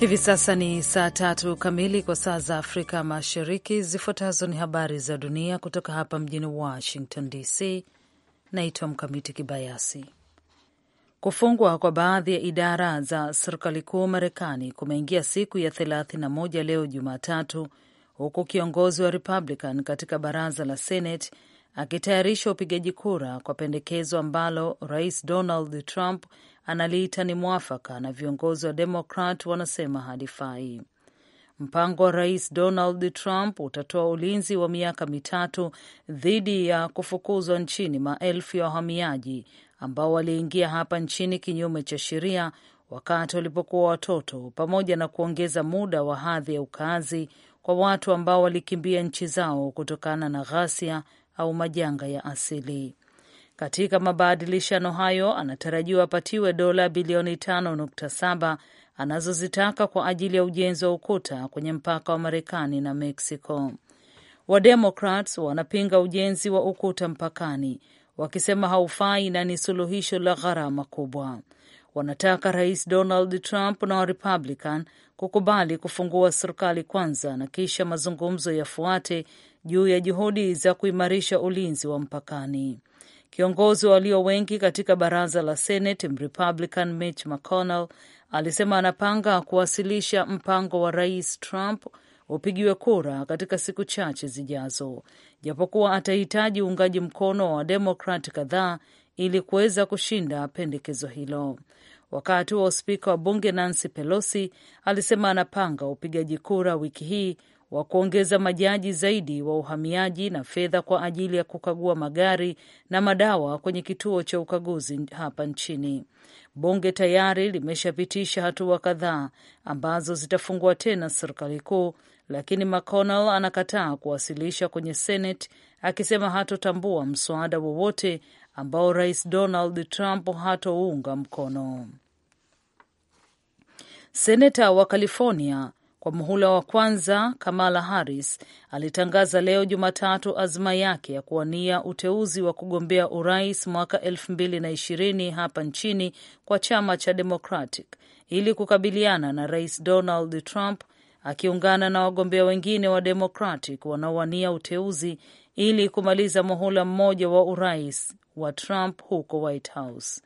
Hivi sasa ni saa tatu kamili kwa saa za Afrika Mashariki. Zifuatazo ni habari za dunia kutoka hapa mjini Washington DC. Naitwa Mkamiti Kibayasi. Kufungwa kwa baadhi ya idara za serikali kuu Marekani kumeingia siku ya moja leo Jumatatu, huku kiongozi wa Republican katika baraza la Senate akitayarisha upigaji kura kwa pendekezo ambalo rais Donald Trump analiita ni mwafaka na viongozi wa Demokrat wanasema halifai. Mpango wa Rais Donald Trump utatoa ulinzi wa miaka mitatu dhidi ya kufukuzwa nchini maelfu ya wahamiaji ambao waliingia hapa nchini kinyume cha sheria wakati walipokuwa watoto, pamoja na kuongeza muda wa hadhi ya ukaazi kwa watu ambao walikimbia nchi zao kutokana na ghasia au majanga ya asili. Katika mabadilishano hayo anatarajiwa apatiwe dola bilioni 5.7 anazozitaka kwa ajili ya ujenzi wa ukuta kwenye mpaka wa Marekani na Mexico. Wademokrats wanapinga ujenzi wa ukuta mpakani wakisema haufai na ni suluhisho la gharama kubwa. Wanataka Rais Donald Trump na Warepublican kukubali kufungua serikali kwanza na kisha mazungumzo yafuate juu ya juhudi za kuimarisha ulinzi wa mpakani. Kiongozi wa walio wengi katika baraza la Senate Mrepublican Mitch McConnell alisema anapanga kuwasilisha mpango wa Rais Trump upigiwe kura katika siku chache zijazo, japokuwa atahitaji uungaji mkono wa Demokrat kadhaa ili kuweza kushinda pendekezo hilo. Wakati wa uspika wa bunge Nancy Pelosi alisema anapanga upigaji kura wiki hii wa kuongeza majaji zaidi wa uhamiaji na fedha kwa ajili ya kukagua magari na madawa kwenye kituo cha ukaguzi hapa nchini. Bunge tayari limeshapitisha hatua kadhaa ambazo zitafungua tena serikali kuu, lakini McConnell anakataa kuwasilisha kwenye Senate akisema hatotambua mswada wowote ambao Rais Donald Trump hatounga mkono. Seneta wa California kwa muhula wa kwanza, Kamala Harris alitangaza leo Jumatatu azma yake ya kuwania uteuzi wa kugombea urais mwaka elfu mbili na ishirini hapa nchini kwa chama cha Democratic ili kukabiliana na Rais Donald Trump akiungana na wagombea wengine wa Democratic wanaowania uteuzi ili kumaliza muhula mmoja wa urais wa Trump huko White House.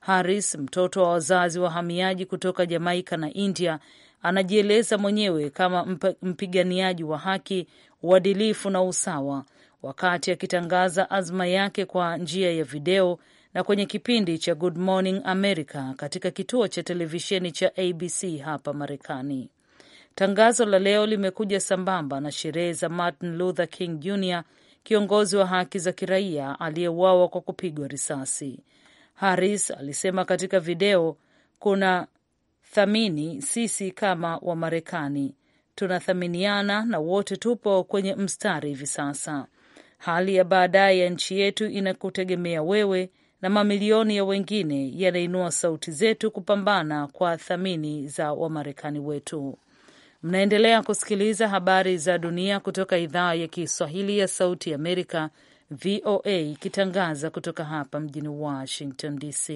Harris, mtoto wa wazazi wahamiaji kutoka Jamaika na India, anajieleza mwenyewe kama mpiganiaji wa haki, uadilifu na usawa, wakati akitangaza azma yake kwa njia ya video na kwenye kipindi cha Good Morning America katika kituo cha televisheni cha ABC hapa Marekani. Tangazo la leo limekuja sambamba na sherehe za Martin Luther King Jr, kiongozi wa haki za kiraia aliyeuawa kwa kupigwa risasi. Harris alisema katika video, kuna thamini sisi kama Wamarekani tunathaminiana na wote tupo kwenye mstari hivi sasa. Hali ya baadaye ya nchi yetu inakutegemea wewe, na mamilioni ya wengine yanainua sauti zetu kupambana kwa thamini za Wamarekani wetu. Mnaendelea kusikiliza habari za dunia kutoka idhaa ya Kiswahili ya Sauti ya Amerika, VOA, ikitangaza kutoka hapa mjini Washington DC.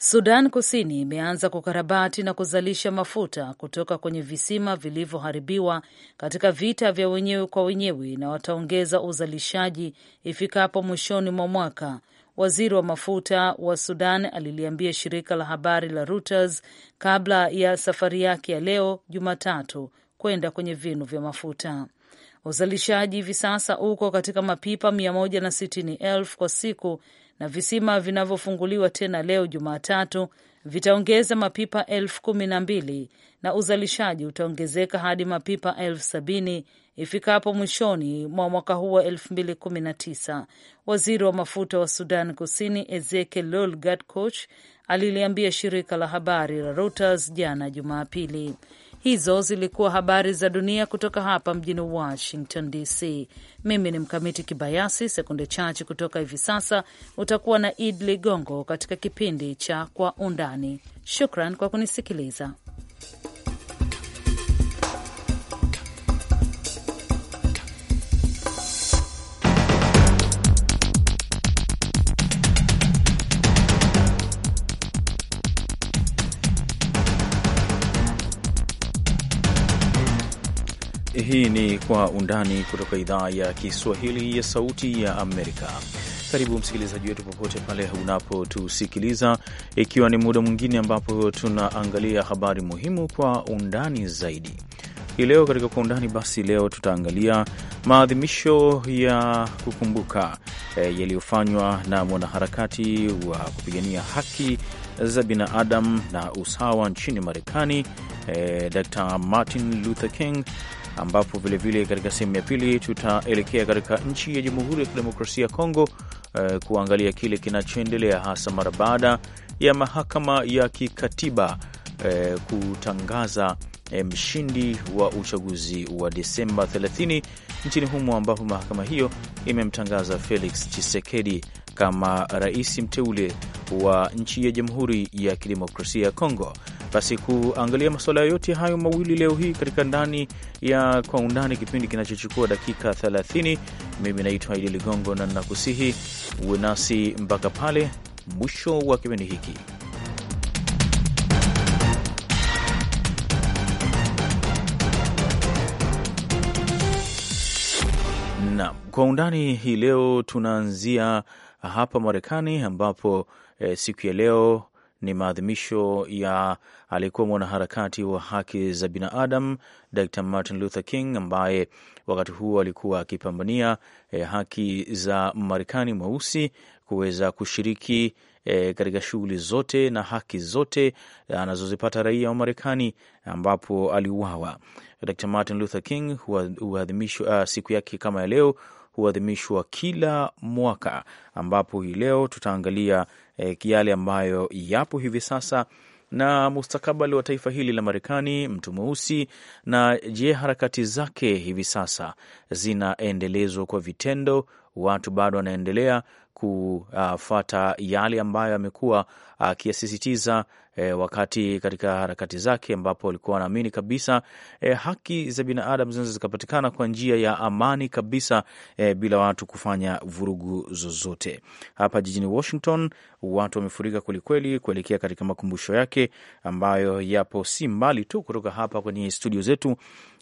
Sudan Kusini imeanza kukarabati na kuzalisha mafuta kutoka kwenye visima vilivyoharibiwa katika vita vya wenyewe kwa wenyewe na wataongeza uzalishaji ifikapo mwishoni mwa mwaka. Waziri wa mafuta wa Sudan aliliambia shirika la habari la Reuters kabla ya safari yake ya leo Jumatatu kwenda kwenye vinu vya mafuta. Uzalishaji hivi sasa uko katika mapipa 160,000 kwa siku na visima vinavyofunguliwa tena leo Jumatatu vitaongeza mapipa elfu kumi na mbili na uzalishaji utaongezeka hadi mapipa elfu sabini ifikapo mwishoni mwa mwaka huu wa elfu mbili kumi na tisa. Waziri wa mafuta wa Sudan Kusini Ezekiel Lol Gatkoch aliliambia shirika la habari la Reuters jana Jumapili. Hizo zilikuwa habari za dunia kutoka hapa mjini Washington DC. Mimi ni Mkamiti Kibayasi. Sekunde chache kutoka hivi sasa utakuwa na Id Ligongo katika kipindi cha Kwa Undani. Shukran kwa kunisikiliza. Kwa Undani kutoka idhaa ya Kiswahili ya Sauti ya Amerika. Karibu msikilizaji wetu popote pale unapotusikiliza, ikiwa ni muda mwingine ambapo tunaangalia habari muhimu kwa undani zaidi. Hii leo katika Kwa Undani, basi leo tutaangalia maadhimisho ya kukumbuka e, yaliyofanywa na mwanaharakati wa kupigania haki za binadamu na usawa nchini Marekani, eh, Dr Martin Luther King, ambapo vilevile katika sehemu ya pili tutaelekea katika nchi ya Jamhuri ya Kidemokrasia ya Kongo eh, kuangalia kile kinachoendelea hasa mara baada ya mahakama ya kikatiba eh, kutangaza eh, mshindi wa uchaguzi wa Desemba 30 nchini humo, ambapo mahakama hiyo imemtangaza Felix Tshisekedi kama rais mteule wa nchi ya Jamhuri ya Kidemokrasia ya Kongo. Basi kuangalia masuala yote hayo mawili leo hii katika ndani ya kwa undani, kipindi kinachochukua dakika 30. Mimi naitwa Idi Ligongo na ninakusihi uwe nasi mpaka pale mwisho wa kipindi hiki. Naam, kwa undani hii leo tunaanzia hapa Marekani, ambapo eh, siku ya leo ni maadhimisho ya aliyekuwa mwanaharakati wa haki za binadamu Dr. Martin Luther King ambaye wakati huo alikuwa akipambania eh, haki za Marekani mweusi kuweza kushiriki e, katika shughuli zote na haki zote eh, anazozipata raia wa Marekani, ambapo aliuawa. Dr. Martin Luther King huadhimishwa ah, siku yake kama ya leo huadhimishwa kila mwaka, ambapo hii leo tutaangalia e, yale ambayo yapo hivi sasa na mustakabali wa taifa hili la Marekani, mtu mweusi, na je, harakati zake hivi sasa zinaendelezwa kwa vitendo? Watu bado wanaendelea kufata yale ambayo amekuwa akiyasisitiza e, wakati katika harakati zake, ambapo alikuwa anaamini kabisa e, haki za binadamu zinaweza zikapatikana kwa njia ya amani kabisa e, bila watu kufanya vurugu zozote. Hapa jijini Washington watu wamefurika kwelikweli kuelekea katika makumbusho yake ambayo yapo si mbali tu kutoka hapa kwenye studio zetu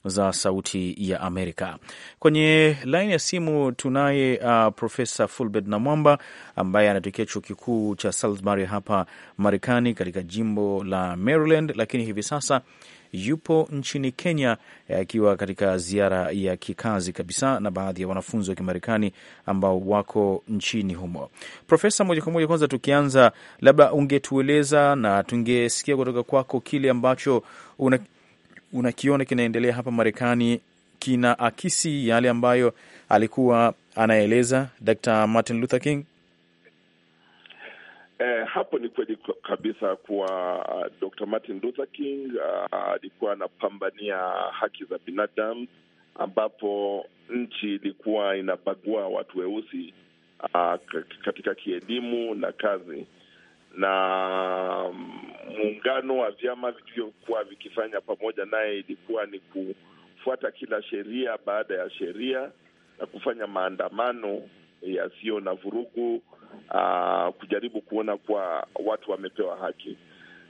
za Sauti ya Amerika. Kwenye laini ya simu tunaye uh, Profesa Fulbert Namwamba ambaye anatokea chuo kikuu cha Salisbury hapa Marekani, katika jimbo la Maryland, lakini hivi sasa yupo nchini Kenya eh, akiwa katika ziara ya kikazi kabisa na baadhi ya wanafunzi wa Kimarekani ambao wako nchini humo. Profesa, moja kwa moja, kwanza tukianza, labda ungetueleza na tungesikia kutoka kwako kile ambacho una, unakiona kinaendelea hapa Marekani kina akisi yale ambayo alikuwa anaeleza Dr. Martin Luther King? Eh, hapo ni kweli kabisa kuwa uh, Dr. Martin Luther King uh, alikuwa uh, anapambania haki za binadamu ambapo nchi ilikuwa inabagua watu weusi uh, katika kielimu na kazi na muungano wa vyama vilivyokuwa vikifanya pamoja naye ilikuwa ni kufuata kila sheria baada ya sheria na kufanya maandamano yasiyo na vurugu, aa, ah, kujaribu kuona kuwa watu wamepewa haki.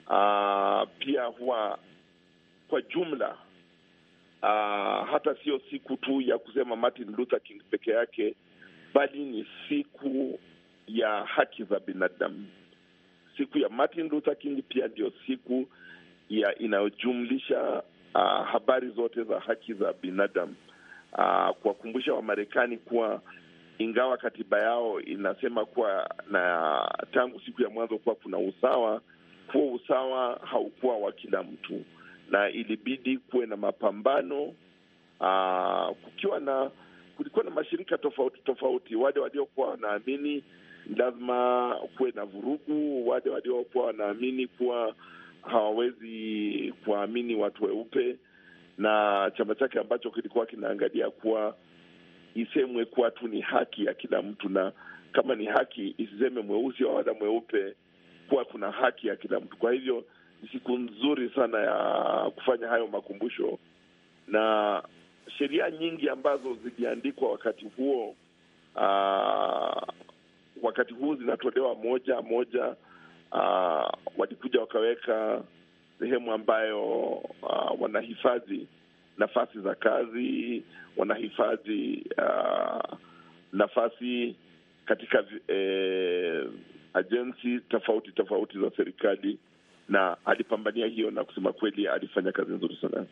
Aa, ah, pia huwa kwa jumla aa, ah, hata sio siku tu ya kusema Martin Luther King peke yake, bali ni siku ya haki za binadamu siku ya Martin Luther King pia ndio siku ya inayojumlisha uh, habari zote za haki za binadamu uh, kuwakumbusha Wamarekani kuwa ingawa katiba yao inasema kuwa na tangu siku ya mwanzo kuwa kuna usawa, huo usawa haukuwa wa kila mtu, na ilibidi kuwe na mapambano aa, ah, kukiwa na kulikuwa na mashirika tofauti tofauti, wale waliokuwa wanaamini lazima kuwe na vurugu. Wale waliokuwa wanaamini kuwa hawawezi kuwaamini watu weupe, na chama chake ambacho kilikuwa kinaangalia kuwa isemwe kuwa tu ni haki ya kila mtu, na kama ni haki isiseme mweusi wala mweupe, kuwa kuna haki ya kila mtu. Kwa hivyo ni siku nzuri sana ya kufanya hayo makumbusho, na sheria nyingi ambazo ziliandikwa wakati huo, wakati huu zinatolewa moja moja. Uh, walikuja wakaweka sehemu ambayo uh, wanahifadhi nafasi za kazi, wanahifadhi uh, nafasi katika eh, ajensi tofauti tofauti za serikali, na alipambania hiyo, na kusema kweli alifanya kazi nzuri sana.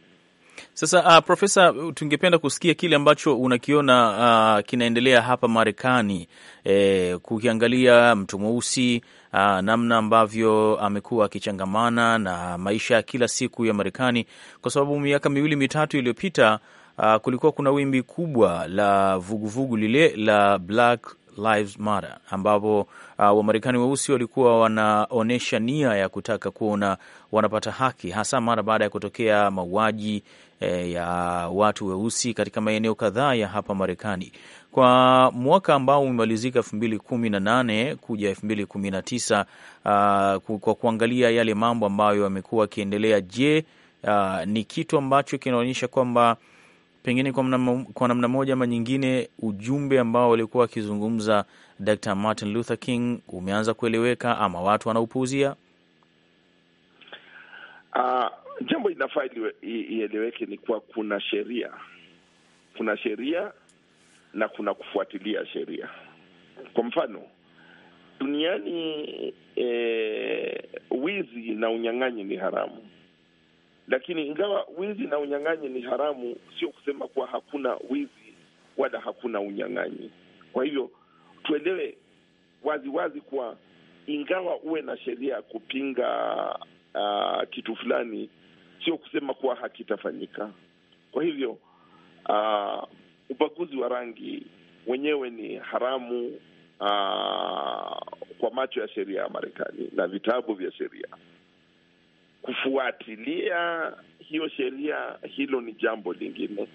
Sasa uh, Profesa, tungependa kusikia kile ambacho unakiona uh, kinaendelea hapa Marekani eh, kukiangalia mtu mweusi uh, namna ambavyo amekuwa akichangamana na maisha ya kila siku ya Marekani, kwa sababu miaka miwili mitatu iliyopita uh, kulikuwa kuna wimbi kubwa la vuguvugu vugu lile la Black Lives Matter ambapo uh, Wamarekani weusi walikuwa wanaonyesha nia ya kutaka kuona wanapata haki hasa mara baada ya kutokea mauaji e, ya watu weusi katika maeneo kadhaa ya hapa Marekani kwa mwaka ambao umemalizika elfu mbili kumi na nane kuja elfu mbili kumi na tisa kwa kuangalia yale mambo ambayo yamekuwa akiendelea. Je, uh, ni kitu ambacho kinaonyesha kwamba pengine kwa namna kwa namna moja ama nyingine ujumbe ambao walikuwa wakizungumza Dr. Martin Luther King umeanza kueleweka ama watu wanaupuuzia? uh jambo inafaa ieleweke ni kuwa kuna sheria, kuna sheria na kuna kufuatilia sheria. Kwa mfano duniani, e, wizi na unyang'anyi ni haramu, lakini ingawa wizi na unyang'anyi ni haramu, sio kusema kuwa hakuna wizi wala hakuna unyang'anyi. Kwa hivyo tuelewe wazi wazi kuwa ingawa uwe na sheria ya kupinga uh, kitu fulani sio kusema kuwa hakitafanyika. Kwa hivyo uh, ubaguzi wa rangi wenyewe ni haramu uh, kwa macho ya sheria ya Marekani na vitabu vya sheria. Kufuatilia hiyo sheria, hilo ni jambo lingine.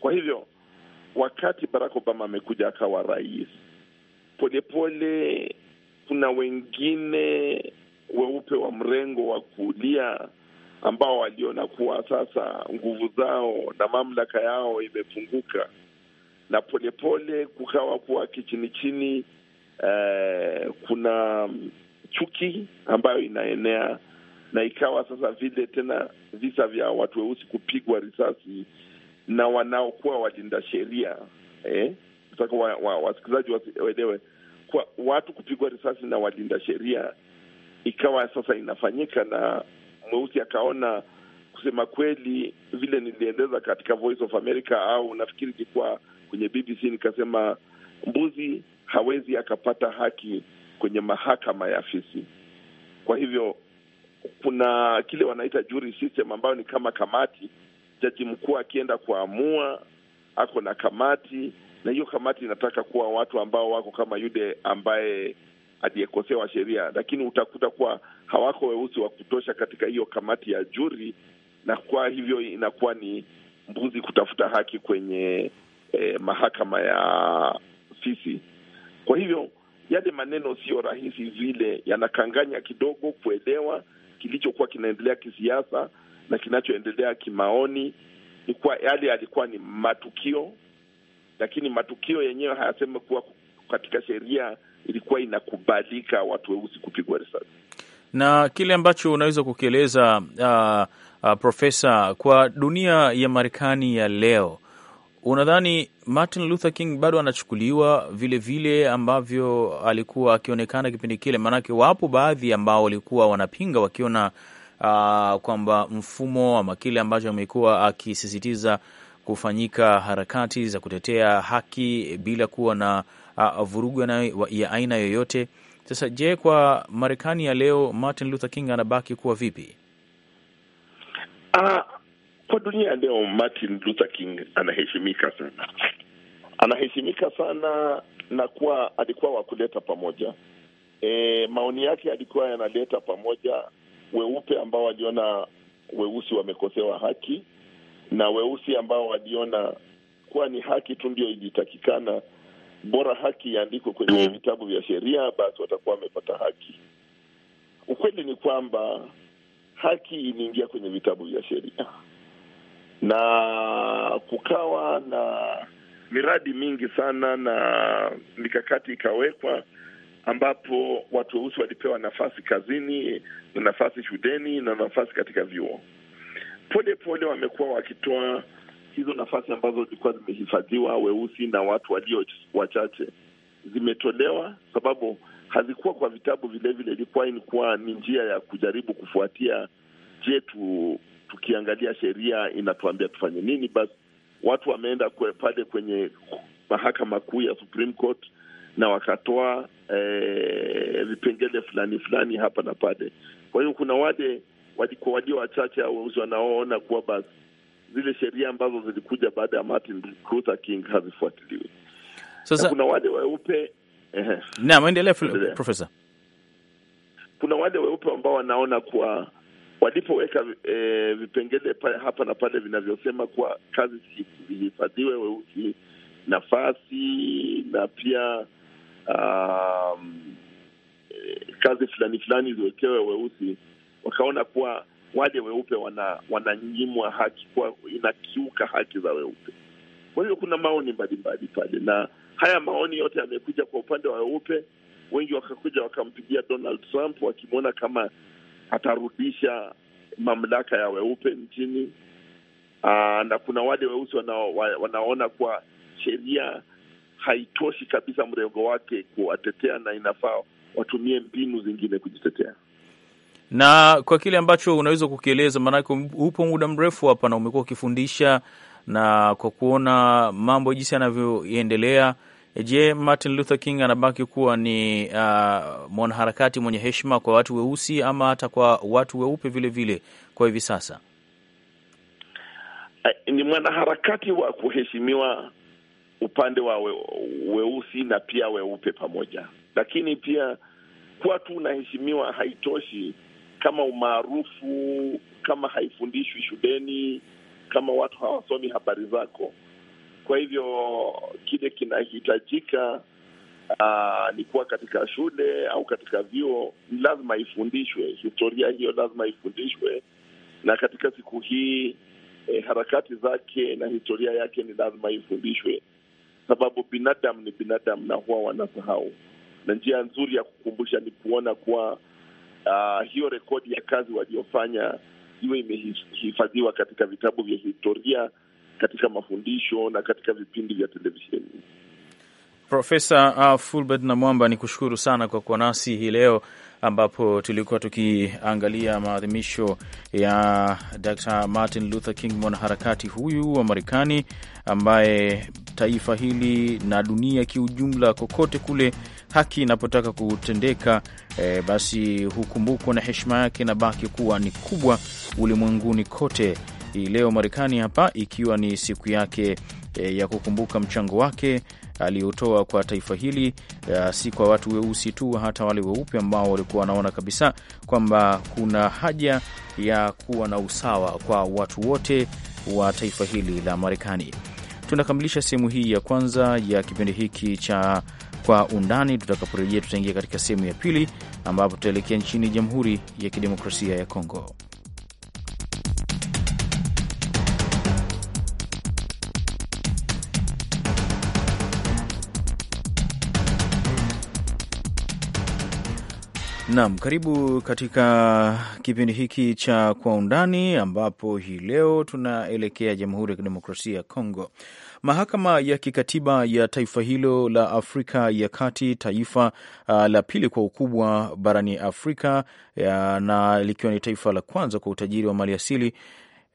Kwa hivyo wakati Barack Obama amekuja akawa rais, polepole kuna wengine weupe wa mrengo wa kulia ambao waliona kuwa sasa nguvu zao na mamlaka yao imepunguka, na polepole kukawa kuwa kichini chini, eh, kuna chuki ambayo inaenea na ikawa sasa vile tena visa vya watu weusi kupigwa risasi na wanaokuwa walinda sheria eh? Nataka wa, wa, wasikilizaji waelewe kwa watu kupigwa risasi na walinda sheria ikawa sasa inafanyika na mweusi akaona kusema kweli, vile nilieleza katika Voice of America au nafikiri ilikuwa kwenye BBC, nikasema mbuzi hawezi akapata haki kwenye mahakama ya fisi Kwa hivyo kuna kile wanaita jury system ambayo ni kama kamati. Jaji mkuu akienda kuamua, ako na kamati, na hiyo kamati inataka kuwa watu ambao wako kama yule ambaye aliyekosewa sheria, lakini utakuta kuwa hawako weusi wa kutosha katika hiyo kamati ya juri, na kwa hivyo inakuwa ni mbuzi kutafuta haki kwenye eh, mahakama ya sisi. Kwa hivyo yale maneno siyo rahisi vile, yanakanganya kidogo kuelewa kilichokuwa kinaendelea kisiasa na kinachoendelea kimaoni. Ni kuwa yale yalikuwa ni matukio, lakini matukio yenyewe hayasema kuwa katika sheria ilikuwa inakubalika watu weusi kupigwa risasi. Na kile ambacho unaweza kukieleza uh, uh, profesa, kwa dunia ya Marekani ya leo, unadhani Martin Luther King bado anachukuliwa vile vile ambavyo alikuwa akionekana kipindi kile? Maanake wapo baadhi ambao walikuwa wanapinga wakiona uh, kwamba mfumo ama kile ambacho amekuwa akisisitiza kufanyika harakati za kutetea haki bila kuwa na uh, vurugu ya aina yoyote. Sasa je, kwa Marekani ya leo Martin Luther King anabaki kuwa vipi? Uh, kwa dunia leo Martin Luther King anaheshimika sana, anaheshimika sana na kuwa alikuwa wa kuleta pamoja e, maoni yake alikuwa yanaleta pamoja weupe ambao waliona weusi wamekosewa haki na weusi ambao waliona kuwa ni haki tu ndio ilitakikana bora haki iandikwe kwenye mm. vitabu vya sheria, basi watakuwa wamepata haki. Ukweli ni kwamba haki iliingia kwenye vitabu vya sheria na kukawa na miradi mingi sana na mikakati ikawekwa, ambapo watu weusi walipewa nafasi kazini na nafasi shuleni na nafasi katika vyuo. Pole pole wamekuwa wakitoa hizo nafasi ambazo zilikuwa zimehifadhiwa weusi na watu walio wachache zimetolewa, sababu hazikuwa kwa vitabu. Vilevile ilikuwa ilikuwa ni njia ya kujaribu kufuatia, je, tu tukiangalia sheria inatuambia tufanye nini? Basi watu wameenda kwe pale kwenye mahakama kuu ya Supreme Court na wakatoa eh, vipengele fulani fulani hapa na pale. Kwa hiyo kuna wale walikuwa walio wachache au weusi wanaoona kuwa basi zile sheria ambazo zilikuja baada ya Martin Luther King hazifuatiliwi. Sasa kuna wale weupe naam, endelea profesa. Kuna wale weupe ambao wanaona kuwa walipoweka e, vipengele pa, hapa na pale vinavyosema kuwa kazi zihifadhiwe weusi nafasi na pia um, e, kazi fulani fulani ziwekewe weusi, wakaona kuwa wale weupe wana, wananyimwa haki kwa, inakiuka haki za weupe. Kwa hiyo kuna maoni mbalimbali pale, na haya maoni yote yamekuja kwa upande wa weupe. Wengi wakakuja wakampigia Donald Trump wakimwona kama atarudisha mamlaka ya weupe nchini. Aa, ah, na kuna wale weusi wana, wanaona kuwa sheria haitoshi kabisa mrengo wake kuwatetea na inafaa watumie mbinu zingine kujitetea na kwa kile ambacho unaweza kukieleza, maanake upo muda mrefu hapa na umekuwa ukifundisha na kwa kuona mambo jinsi yanavyoendelea, je, Martin Luther King anabaki kuwa ni uh, mwanaharakati mwenye heshima kwa watu weusi ama hata kwa watu weupe vilevile kwa hivi sasa? Eh, ni mwanaharakati wa kuheshimiwa upande wa we, weusi na pia weupe pamoja, lakini pia kuwa tu unaheshimiwa haitoshi kama umaarufu, kama haifundishwi shuleni, kama watu hawasomi habari zako. Kwa hivyo kile kinahitajika Uh, ni kuwa katika shule au katika vyuo ni lazima ifundishwe historia hiyo, lazima ifundishwe, na katika siku hii eh, harakati zake na historia yake ni lazima ifundishwe, sababu binadamu ni binadamu na huwa wanasahau, na njia nzuri ya kukumbusha ni kuona kuwa uh, hiyo rekodi ya kazi waliofanya iwe imehifadhiwa katika vitabu vya historia, katika mafundisho na katika vipindi vya televisheni. Profesa uh, Fulbert na Mwamba, ni kushukuru sana kwa kuwa nasi hii leo ambapo tulikuwa tukiangalia maadhimisho ya Dr. Martin Luther King, mwanaharakati huyu wa Marekani ambaye taifa hili na dunia kiujumla, kokote kule haki inapotaka kutendeka, e, basi hukumbukwa na heshima yake baki kuwa ni kubwa ulimwenguni kote. Hii leo Marekani hapa ikiwa ni siku yake e, ya kukumbuka mchango wake aliyotoa kwa taifa hili, si kwa watu weusi tu, hata wale weupe ambao walikuwa wanaona kabisa kwamba kuna haja ya kuwa na usawa kwa watu wote wa taifa hili la Marekani. Tunakamilisha sehemu hii ya kwanza ya kipindi hiki cha Kwa Undani. Tutakaporejea tutaingia katika sehemu ya pili, ambapo tutaelekea nchini Jamhuri ya Kidemokrasia ya Kongo. Naam, karibu katika kipindi hiki cha Kwa Undani, ambapo hii leo tunaelekea Jamhuri ya Kidemokrasia ya Kongo. Mahakama ya kikatiba ya taifa hilo la Afrika ya Kati, taifa uh, la pili kwa ukubwa barani Afrika ya, uh, na likiwa ni taifa la kwanza kwa utajiri wa maliasili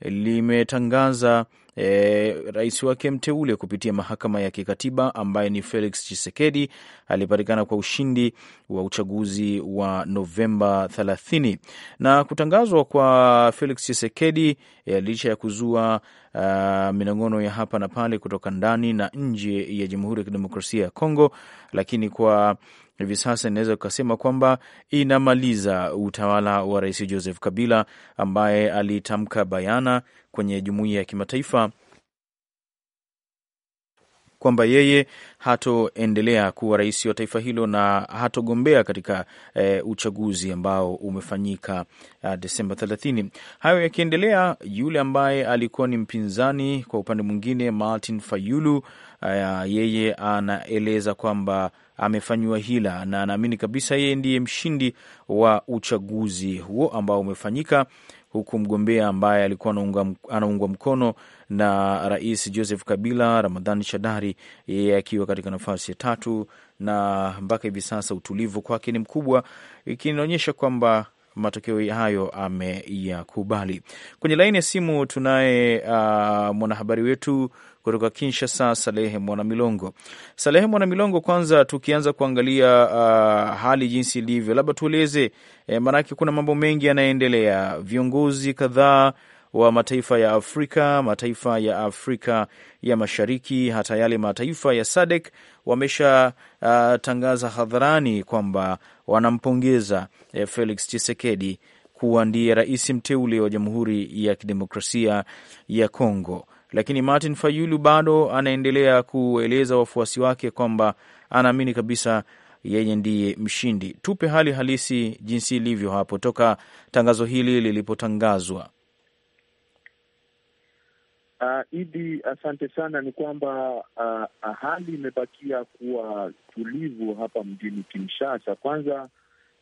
limetangaza E, rais wake mteule kupitia mahakama ya kikatiba ambaye ni Felix chisekedi alipatikana kwa ushindi wa uchaguzi wa Novemba 30, na kutangazwa kwa Felix chisekedi e, licha ya kuzua Uh, minong'ono ya hapa na pale kutoka ndani na nje ya Jamhuri ya Kidemokrasia ya Kongo, lakini kwa hivi sasa inaweza ukasema kwamba inamaliza utawala wa Rais Joseph Kabila ambaye alitamka bayana kwenye jumuiya ya kimataifa kwamba yeye hatoendelea kuwa rais wa taifa hilo na hatogombea katika e, uchaguzi ambao umefanyika eh, Desemba 30. Hayo yakiendelea, yule ambaye alikuwa ni mpinzani kwa upande mwingine Martin Fayulu a, eh, yeye anaeleza kwamba amefanyiwa hila, na anaamini kabisa yeye ndiye mshindi wa uchaguzi huo ambao umefanyika huku mgombea ambaye alikuwa anaungwa mkono na Rais Joseph Kabila, Ramadhani Shadari, yeye akiwa katika nafasi ya tatu, na mpaka hivi sasa utulivu kwake ni mkubwa, ikinaonyesha kwamba matokeo hayo ameyakubali. Kwenye laini ya simu tunaye uh, mwanahabari wetu kutoka Kinshasa, Salehe Mwanamilongo. Salehe Mwanamilongo, kwanza tukianza kuangalia uh, hali jinsi ilivyo, labda tueleze eh, maanake kuna mambo mengi yanayoendelea. Viongozi kadhaa wa mataifa ya Afrika, mataifa ya Afrika ya Mashariki, hata yale mataifa ya SADC wameshatangaza uh, hadharani kwamba wanampongeza eh, Felix Tshisekedi kuwa ndiye rais mteule wa Jamhuri ya Kidemokrasia ya Kongo lakini Martin Fayulu bado anaendelea kueleza wafuasi wake kwamba anaamini kabisa yeye ndiye mshindi. Tupe hali halisi jinsi ilivyo hapo toka tangazo hili lilipotangazwa. Uh, Idi, asante sana. Ni kwamba uh, hali imebakia kuwa tulivu hapa mjini Kinshasa. Kwanza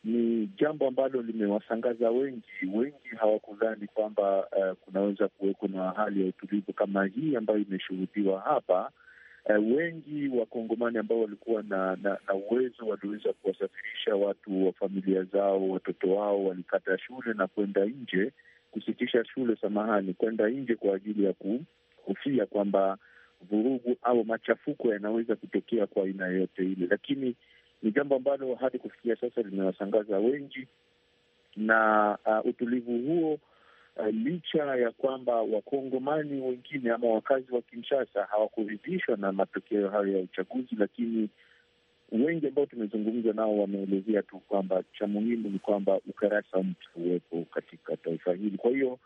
ni jambo ambalo limewasangaza wengi. Wengi hawakudhani kwamba uh, kunaweza kuweko na hali ya utulivu kama hii ambayo imeshuhudiwa hapa. Uh, wengi Wakongomani ambao walikuwa na, na, na uwezo waliweza kuwasafirisha watu wa familia zao, watoto wao walikata shule na kwenda nje kusitisha shule, samahani, kwenda nje kwa ajili ya kuhofia kwamba vurugu au machafuko yanaweza kutokea kwa aina yoyote ile, lakini ni jambo ambalo hadi kufikia sasa limewashangaza wengi, na uh, utulivu huo uh, licha ya kwamba wakongomani wengine ama wakazi wa Kinshasa hawakuridhishwa na matokeo hayo ya uchaguzi, lakini wengi ambao tumezungumza nao wameelezea tu kwamba cha muhimu ni kwamba ukarasa mpya uwepo katika taifa hili. Kwa hiyo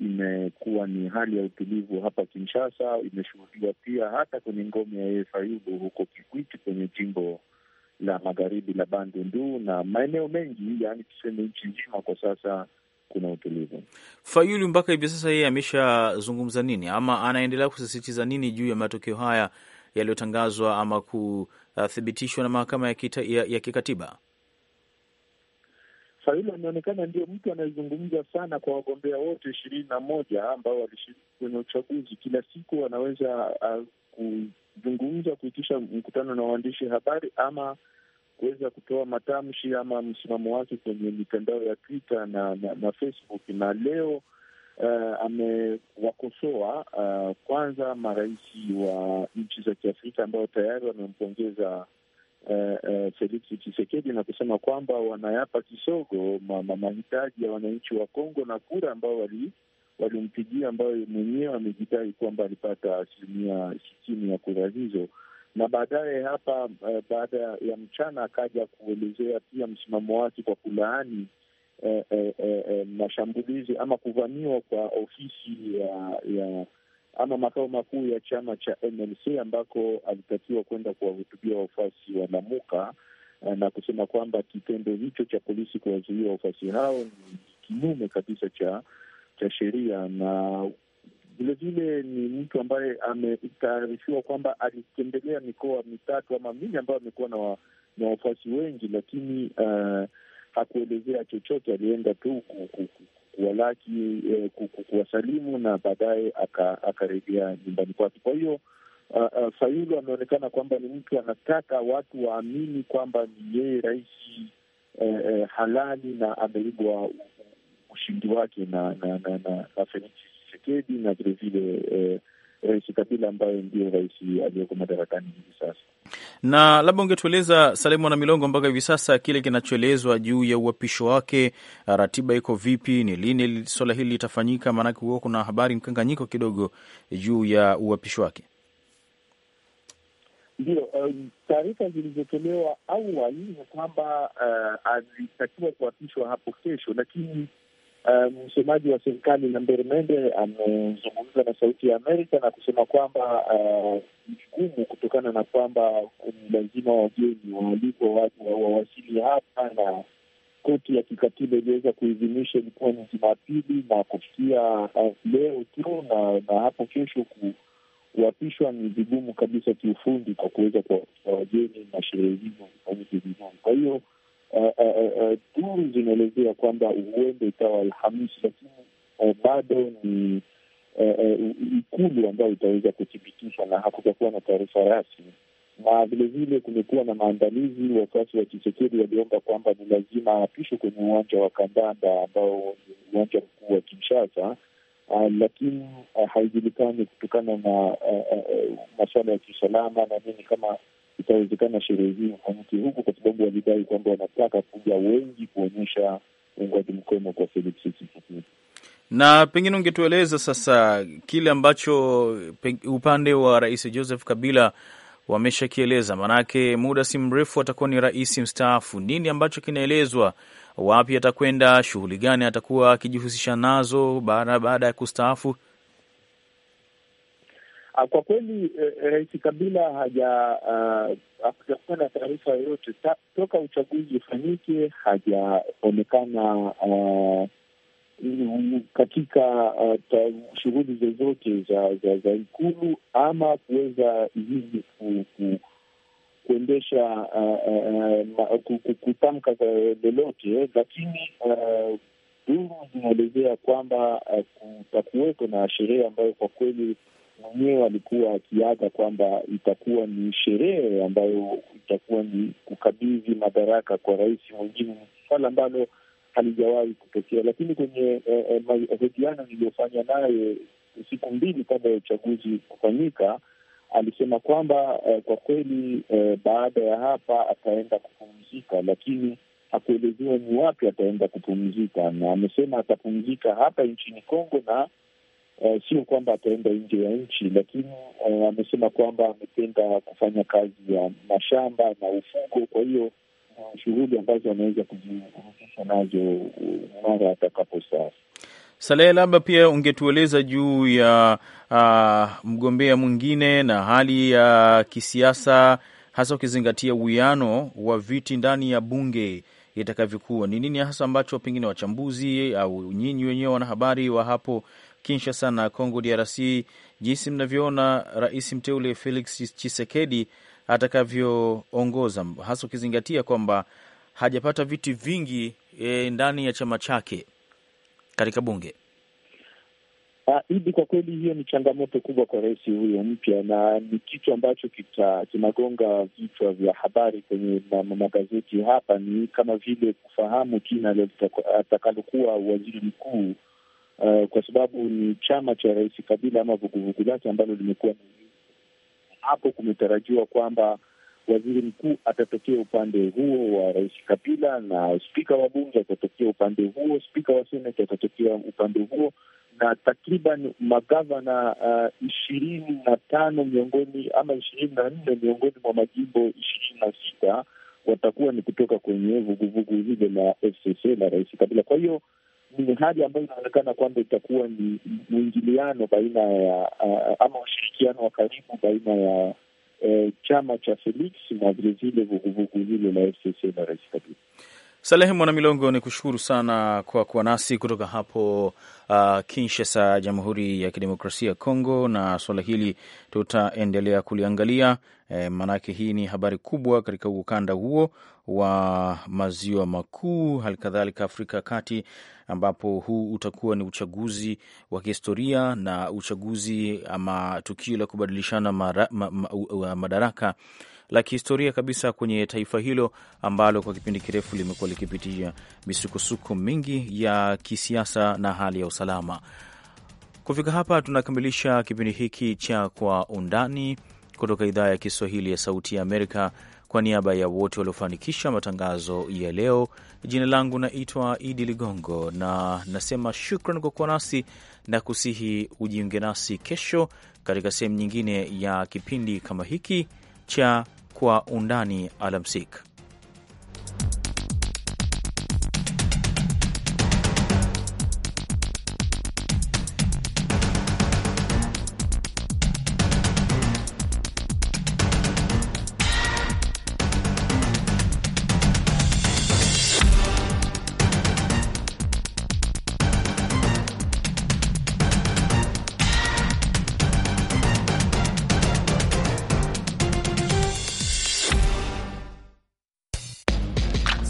imekuwa ni hali ya utulivu hapa Kinshasa, imeshuhudiwa pia hata kwenye ngome ya FAU huko Kikwiti kwenye jimbo la magharibi la Bandundu na maeneo mengi, yaani tuseme nchi nzima kwa sasa kuna utulivu. Fayulu mpaka hivi sasa yeye ameshazungumza nini ama anaendelea kusisitiza nini juu ya matokeo haya yaliyotangazwa ama kuthibitishwa na mahakama ya, kita, ya, ya kikatiba? Fayulu ameonekana ndio mtu anayezungumza sana kwa wagombea wote ishirini na moja ambao walishiriki kwenye uchaguzi. Kila siku anaweza uh, kuzungumza, kuitisha mkutano na waandishi habari ama kuweza kutoa matamshi ama msimamo wake kwenye mitandao ya Twitter na, na, na Facebook. Na leo uh, amewakosoa uh, kwanza marais wa nchi za Kiafrika ambao tayari wamempongeza uh, uh, Felix Chisekedi na kusema kwamba wanayapa kisogo ma, ma, mahitaji ya wananchi wa Kongo na kura ambao wali walimpigia, ambayo mwenyewe amejidai kwamba alipata asilimia sitini ya kura hizo, na baadaye hapa eh, baada ya mchana akaja kuelezea pia msimamo wake kwa kulaani eh, eh, eh, eh mashambulizi ama kuvamiwa kwa ofisi ya ya ama makao makuu ya chama cha MLC ambako alitakiwa kwenda kuwahutubia wafuasi wa Lamuka eh, na kusema kwamba kitendo hicho cha polisi kuwazuia wafuasi hao ni kinyume kabisa cha cha sheria na vilevile ni mtu ambaye ametaarifiwa kwamba alitembelea mikoa mitatu ama mingi ambayo amekuwa na, wa, na wafuasi wengi, lakini uh, hakuelezea chochote. Alienda tu kuwalaki eh, kuwasalimu na baadaye akarejea nyumbani kwake. Kwa hiyo uh, uh, Fayulu ameonekana kwamba ni mtu anataka watu waamini kwamba ni yeye rais eh, eh, halali na ameibwa ushindi wake na na na na, na Felix Tshisekedi na vilevile eh, Rais Kabila ambaye ndiyo rais aliyoko madarakani hivi sasa. Na labda ungetueleza Salemu na Milongo, mpaka hivi sasa kile kinachoelezwa juu ya uhapisho wake, eh, ratiba iko vipi? Ni lini swala hili litafanyika? Maanake huo kuna habari mkanganyiko kidogo juu ya uhapisho wake. ndio um, taarifa zilizotolewa awali ni kwamba uh, eh, alitakiwa kuapishwa hapo kesho, lakini Eh, msemaji um, wa serikali Lambert Mende amezungumza na Sauti ya Amerika na kusema kwamba eh, ni uh, vigumu kutokana na kwamba ni lazima wageni waalikwa wawasili hapa, na koti ya kikatiba iliweza kuidhinisha, ilikuwa ni Jumapili na kufikia uh, leo tu na, na hapo kesho kuwapishwa ni vigumu kabisa kiufundi kwa kuweza kuwafikia wageni na sherehe hizo zifanyike vizuri, kwa hiyo uh, uh, uh, zinaelezea kwamba huenda ikawa Alhamisi, lakini uh, bado ni uh, uh, ikulu ambayo itaweza kuthibitishwa na hakutakuwa na taarifa rasmi. Na vilevile kumekuwa na maandalizi, wafuasi wa Chisekedi waliomba kwamba ni lazima aapishwe kwenye uwanja wa kandanda ambao ni uwanja mkuu wa Kinshasa. Uh, lakini uh, haijulikani kutokana na uh, uh, masuala ya kiusalama na nini kama itawezekana sherehe hii ifanyike huku, kwa sababu walidai kwamba wanataka kuja wengi kuonyesha uungwaji mkono kwa Felix Tshisekedi. Na pengine ungetueleza sasa kile ambacho upande wa Rais Joseph Kabila wameshakieleza, maanake muda si mrefu atakuwa ni rais mstaafu. Nini ambacho kinaelezwa? Wapi atakwenda? Shughuli gani atakuwa akijihusisha nazo baada baada ya kustaafu? Ah, kwa kweli eh, eh, Rais Kabila ah, hakupatikana uh, taarifa yoyote toka uchaguzi ufanyike, hajaonekana uh, katika uh, shughuli zozote za, za, za Ikulu ama kuweza hivi ku, ku, kuendesha uh, uh, kutamka lolote, lakini uh, duru zinaelezea kwamba uh, kutakuweko na sherehe ambayo kwa kweli mwenyewe alikuwa akiaga kwamba itakuwa ni sherehe ambayo itakuwa ni kukabidhi madaraka kwa rais mwingine, swala ambalo halijawahi kutokea. Lakini kwenye eh, eh, mahojiano niliyofanya naye siku mbili kabla ya uchaguzi kufanyika, alisema kwamba eh, kwa kweli eh, baada ya hapa ataenda kupumzika, lakini hakuelezewa ni wapi ataenda kupumzika, na amesema atapumzika hapa nchini Kongo na Uh, sio kwamba ataenda nje ya nchi, lakini uh, amesema kwamba amependa kufanya kazi ya mashamba na ufugo. Kwa hiyo uh, shughuli ambazo anaweza kujihusisha nazo mara atakapo sasa Salehe, labda pia ungetueleza juu ya uh, mgombea mwingine na hali ya kisiasa, hasa ukizingatia uwiano wa viti ndani ya bunge itakavyokuwa. Ni nini hasa ambacho pengine wachambuzi au nyinyi wenyewe wanahabari wa hapo Kinshasa na Congo DRC, jinsi mnavyoona rais mteule Felix Chisekedi atakavyoongoza, hasa ukizingatia kwamba hajapata viti vingi e, ndani ya chama chake katika bunge hivi. Ah, kwa kweli hiyo ni changamoto kubwa kwa rais huyo mpya, na ni kitu ambacho kinagonga vichwa vya habari kwenye magazeti hapa, ni kama vile kufahamu kina atakalokuwa waziri mkuu uh, kwa sababu ni chama cha Rais Kabila ama vuguvugu lake ambalo limekuwa hapo. Kumetarajiwa kwamba waziri mkuu atatokea upande huo wa Rais Kabila na spika wa bunge atatokea upande huo, spika wa seneti atatokea upande huo na takriban magavana eh, ishirini uh, na tano miongoni ama ishirini na nne miongoni mwa majimbo ishirini na sita watakuwa ni kutoka kwenye vuguvugu hilo la FCC la Rais Kabila. Kwa hiyo ni hali ambayo inaonekana kwamba itakuwa ni mwingiliano baina ya uh, ama ushirikiano wa karibu baina ya uh, chama cha Felix na vilevile vuguvugu hilo la FCC na Rais Kabila. Salehe Milongo, ni kushukuru sana kwa kuwa nasi kutoka hapo uh, Kinshasa, Jamhuri ya Kidemokrasia ya Kongo. Na suala hili tutaendelea kuliangalia eh, maanake hii ni habari kubwa katika ukanda huo wa maziwa makuu, halikadhalika Afrika ya Kati, ambapo huu utakuwa ni uchaguzi wa kihistoria na uchaguzi ama tukio la kubadilishana ma, madaraka la kihistoria kabisa kwenye taifa hilo ambalo kwa kipindi kirefu limekuwa likipitia misukosuko mingi ya kisiasa na hali ya usalama. Kufika hapa tunakamilisha kipindi hiki cha Kwa Undani kutoka idhaa ya Kiswahili ya Sauti ya Amerika. Kwa niaba ya wote waliofanikisha matangazo ya leo, jina langu naitwa Idi Ligongo na nasema shukran kwa kuwa nasi na kusihi ujiunge nasi kesho katika sehemu nyingine ya kipindi kama hiki cha Kwa Undani. Alamsik.